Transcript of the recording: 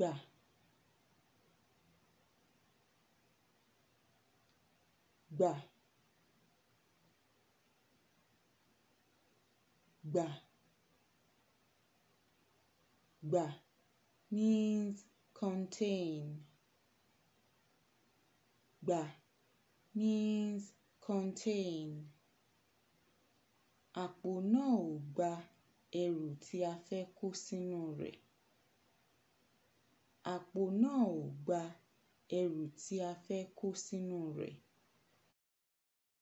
gbà gbà gbà gbà means contain gbà means contain àpò náà ò gba ẹrù tí a fẹ́ kó sínú rẹ̀ àpò náà ò gba ẹrù tí a fẹ́ kó sínú rẹ̀